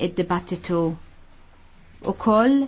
id-dibattitu u koll